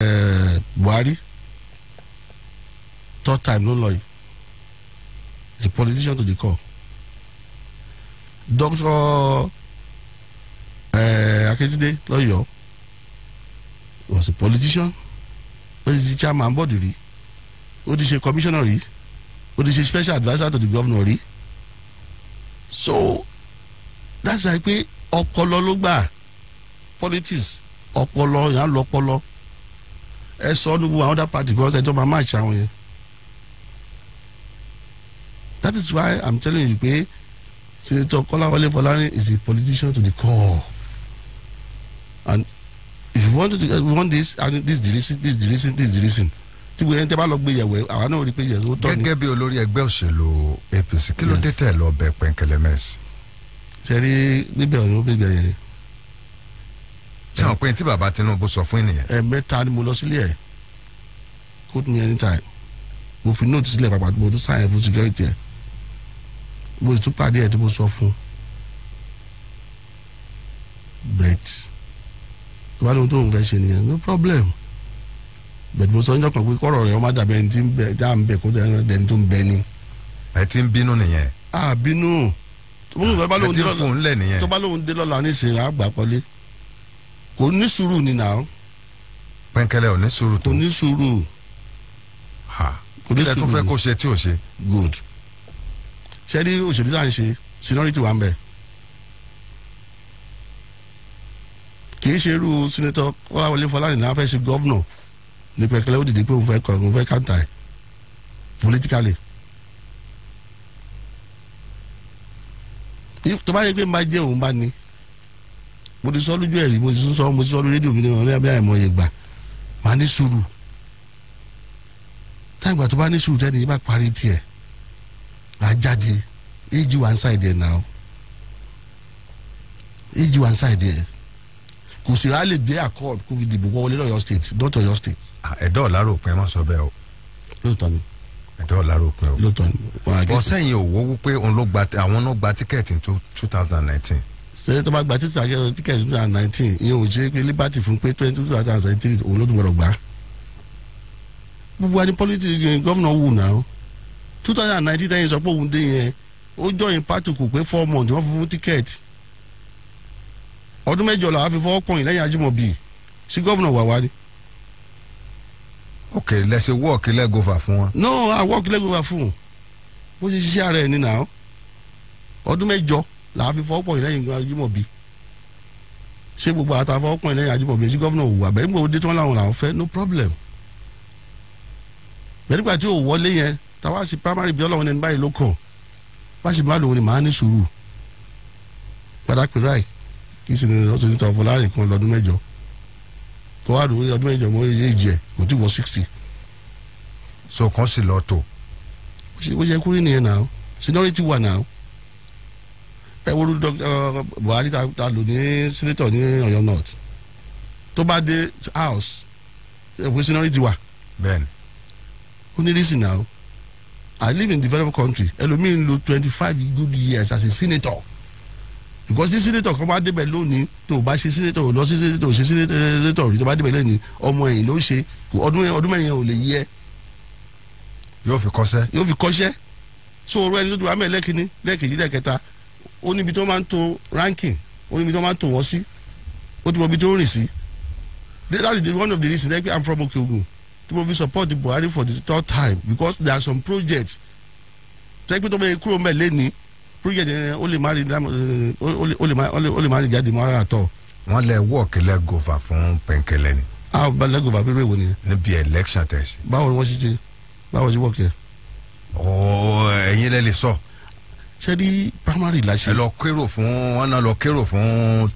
Eh, Buhari third time ló lọ yìí he's politician to the core Dr. Eh, Akíntúndé lọ́yọ̀ọ́ was a politician ó ti di chairman board rí ó ti ṣe commissioner rí ó ti ṣe special adviser to the governor rí so that's why pé ọpọlọ ló gbà politics ọpọlọ yàn lọpọlọ ẹ sọ ọdún gbogbo àwọn other party because ẹ jọ máa máa ṣe àwọn yẹn that is why i'm telling you pé senator kọ́láwọlé fọlárin is a politician to the core and if you want to we want this and this the reason this the reason this the reason tí gbogbo ẹni tẹ́ bá lọ gbé yẹ̀wò àwa náà rí i pé yẹ̀wò tọ́ ni. gẹ́gẹ́ bí olórí ẹgbẹ́ òṣèlú APC kí ló dé tẹ̀ lọ bẹ pẹ́ńkẹ́lẹ́mẹ́sì. sẹ́rí bíbẹ̀ ọ̀nà ó bíbẹ̀ yẹn ṣé àwọn pé tí bàbá Tinubu sọ fún ènìyàn. ẹ̀ẹ̀mẹ́ta ni mo lọ sílé ẹ̀ call me anytime mo fi nóòtù sílẹ̀ pàpà mo tún sáyẹn fún security ẹ̀ mo sì tún pàdé ẹ̀ tí mo sọ fún bet tó bá lóun tó ń fẹ́ ṣe nìyẹn no problem bẹ̀tí mo sọ ń jọkàn pé kọ́rọ̀ rẹ̀ ọmọ dàbẹ̀ ẹni tí ń bẹ já ń bẹ kó dẹni tó ń bẹ ni. ẹ ti ń bínú nìyẹn. a bínú tó bá lóun dé lọ́la tó bá lóun dé lọ́la nísìnyí àgbà kọ́lé kò ní ni nà ó. pẹ̀nkẹ́lẹ́ ò ní sùúrù tó. kò ha. sùúrù. kílẹ̀ tó fẹ́ kó ṣe tí ò ṣe. good ṣé ní òṣèlú tá à ń ṣe seniority wà ń bẹ̀. kì í ṣe irú sinetọ Kọ́láwọlé Fọlárìn náà fẹ́ ṣe gọ́vnọ̀ ní pẹ̀kẹ́lẹ́ ó dìde pé òun fẹ́ kọ́ òun fẹ́ káńtà ẹ̀ politically. tó bá yẹ pé máa jẹ́ òun bá ní mo ti sọ lójú ẹ̀ rí mo ti sọ mo ti sọ lórí rédíò mi ní ọ̀rẹ́ abẹ́ àìmọye gbà máa ní sùúrù táìgbà tó bá ní sùúrù tẹ́lẹ̀ yìí bá parí tiẹ̀ máa jáde ag one side ẹ̀ náà ag one side ẹ̀ kò sì á lè gbé accord kó fi dìbò kó wọlé lọ́yọ̀ state not Ọ̀yọ́ state. ẹ̀dọ́ ọ̀làrò pé wọ́n sọ bẹ́ẹ̀ o. lóòótọ́ ni. ẹ̀dọ́ ọ̀làrò pé o. lóòótọ́ ni. ọ̀sẹ̀ yìí ò wọ́wọ́ pé àwọn ló gba tíkẹ́ẹ̀tì ní two thousand and nineteen lẹ́yìn tó bá gba two thousand ticket two thousand nineteen ìyẹn ò ṣe pé liberty fún pé twenty two thousand twenty three òun ló tún gbọdọ̀ gbà. gbogbo àni politics eh, gọ́vnà wù náà two thousand nineteen tẹ́yìn sọ pé òun dé yẹn ó jọyìn pàtó kò pé four months wọ́n fi fún ticket ọdún mẹ́jọ làwọn fi fọwọ́ kọyìn lẹ́yìn Ajímọ̀bí sí gọ́vnà wàwá ni. ok lẹsẹ wọọkì lẹgọfà fún wa. no àwọọkì lẹgọfà fún un bó ṣe ṣiṣẹ́ làá fi fọwọ́ pọ̀yìn lẹ́yìn Ajímọ̀bí ṣé gbogbo àtà fọwọ́ pọ̀yìn lẹ́yìn Ajímọ̀bí sí gọ́vnà òwò àbẹ̀rẹ̀ nígbà òde tí wọ́n làwọn làwọn fẹ́ no problem bẹ̀rẹ̀ nígbà tí ò wọlé yẹn táwa sí primary bí ọlọ́run ẹni báyìí ló kàn bá sì máa lòun ni màá ní sùúrù padà pè ráì kí sì ni ọtún títà ọ̀fọ̀lárin kan lọ́dún mẹ́jọ tó wà lóye ọdún mẹ́jọ mọ́ iye ìjẹ kò tí wọ sixty. so kan sì lọ tó. ó ṣe kúrò nìyẹn náà seniority wà náà ẹ wo Buhari ta lò ní senator ní Ọ̀yọ́ north tó bá dé house ẹ̀wọ̀n sinari ti wà. bẹ́ẹ̀ni. ó ní reason now I live in developed country ẹlòmíì ń lo twenty five good years as a senator because ní senator kan bá débẹ̀ lónìí tó o bá ṣe senator o lọ sí senator o ṣe senator rí tó bá débẹ̀ lónìí ọmọ ẹ̀yìn ló ṣe ọdún ọdún mẹ́rin ò lè yí ẹ. yóò fi kọ́ṣẹ́. yóò fi kọ́ṣẹ́ so orú ẹni tó dùn àmì ẹlẹ́kìnní lẹ́ẹ̀kejì lẹ́ẹ̀kẹta ó níbi tó máa ń to ranking ó níbi tó máa ń tò wọ́n sí ó ti mọ ibi tó rìn sí that is one of the reasons like I'm from Okeogun tí mo fi support Buhari for the third time because there are some projects tẹ́gbẹ́ tó bẹ́ẹ̀ kúrò mẹ́ lẹ́ni project yẹn ó lè má rí ó lè má rí jáde mọ́ ara tọ̀. wọ́n lẹ work, lẹ́gọ̀fà fún pẹ̀ǹkẹ̀lẹ̀ ni. a ba lẹ́gọ̀fà pé bẹ́ẹ̀ wo ni. níbi election tẹ̀sí. báwo ni wọ́n ṣe ṣe báwo ṣe wọ́ọ̀kì ẹ̀. ọ̀ọ́ ẹ̀yin lẹ́ lè sọ. So ṣe rí primary la ṣe. ẹ lọ kérò fún wọn náà lọ kérò fún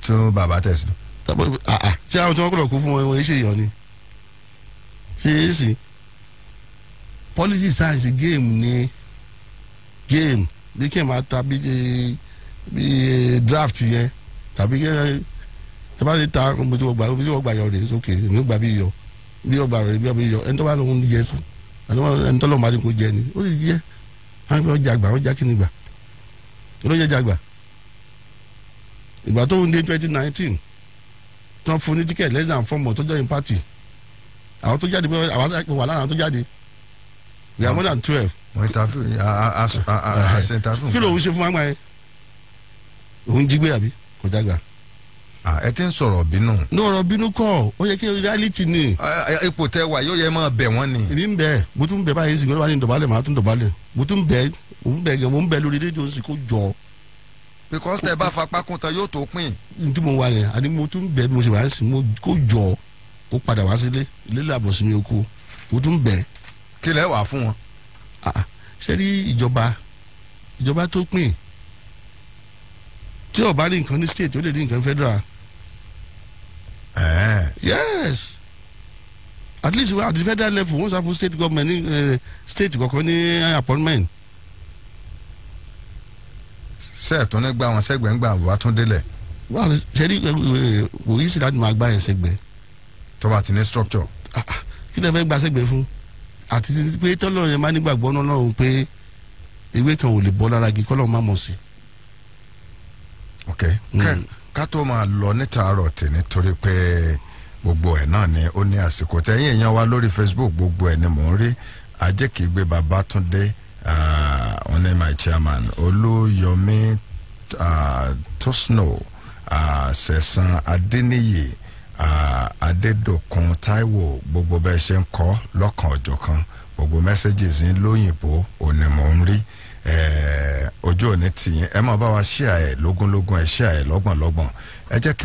tún bàbá tẹsán. tábọ̀ àà ah, ah, ṣé àwọn tí wọ́n kúlọ̀ kú fún wọn ẹ ṣe èèyàn ni ṣe é sì policy science game ni game bí kí n máa ta bí bí eh, draft yẹn tàbí kí n tí bá ti ta mo ti wọ gbà mo ti wọ gbà yọ rè é sókè mi ò gbà bí yọ bí ọgbà rẹ bí ọbẹ yọ ẹni tó bá lóun yẹ sí ẹni tó lọ́ọ́ máa ní jẹ ni ó sì jẹ àwọn ọjà gbà ọjà kí ni gbà. ló jẹ́ jàgbà ìgbà tó ń twenty nineteen fún ní less than four tó join àwọn tó jáde àwọn more than twelve. a a kí ló ń ṣe fún àgbà yẹn òun jí gbé àbí kò ẹ ti ń sọ̀rọ̀ bínú. ní ọ̀rọ̀ bínú kọ́ ó yẹ kí reality ni. ipò tẹ wà yóò yẹ máa bẹ̀ ni. èmi ń bẹ̀ mo tún bẹ̀ báyìí sìnkú ló bá ní dọ̀bálẹ̀ màá tún dọ̀bálẹ̀ mo mo ń bẹ mo ń bẹ lórí rédíò sì kó jọ. because tẹ bá fapá kun tán yóò tó pín. n tí mo wà yẹn àní mo tún bẹ mo sì wá sí mo kó jọ kó padà wá sílé ilé làbọ̀ sí mi oko mo tún bẹ. kílẹ̀ wà fún wọn. Ah, ah. ṣé ìjọba ìjọba tó pín tí ó ní nǹkan ní state ó lè ní nǹkan federal. yes at least at the federal level wọ́n sá fún state government ní uh, state kọ̀ọ̀kan ní appointment sẹ́ẹ̀tún nígbà wọn sẹ́gbẹ̀ẹ́ ńgbà wà tún délẹ̀. wà á ṣe rí kò eh, eh, sí láti máa gbá yẹn sẹ́gbẹ̀ẹ́. tó bá ti ní structure. Ah, ah, kí ló fẹ́ gba sẹ́gbẹ̀ẹ́ fún àti pé tọ́lọ́ yẹn máa nígbàgbọ́ ọlọ́run pé ewé kan ò lè bọ́ lára igi kọ́lọ́ máa mọ̀ sí. ok mm. ká tó máa lọ níta àárọ̀ tì nítorí pé gbogbo ẹ̀ náà ni ó ní àsìkò tẹ̀yìn èèyàn wa lórí Facebook gbogbo ẹ̀ ni mò ń rí ajé kìí uh, only my chairman Olúyọ̀mí uh, Tosno uh, Sẹ̀san Adéníyì uh, Adédòkun Táíwò gbogbo bẹ́ẹ̀ ṣe ń kọ́ lọ́kàn ọ̀jọ̀kan gbogbo messages ń lóyìnbó òní mò ń rí ojú òní tìyín ẹ máa bá wa ṣíà ẹ lógúnlógún ẹ ṣíà ẹ lọ́gbọ̀nlọ́gbọ̀n ẹ jẹ́ kí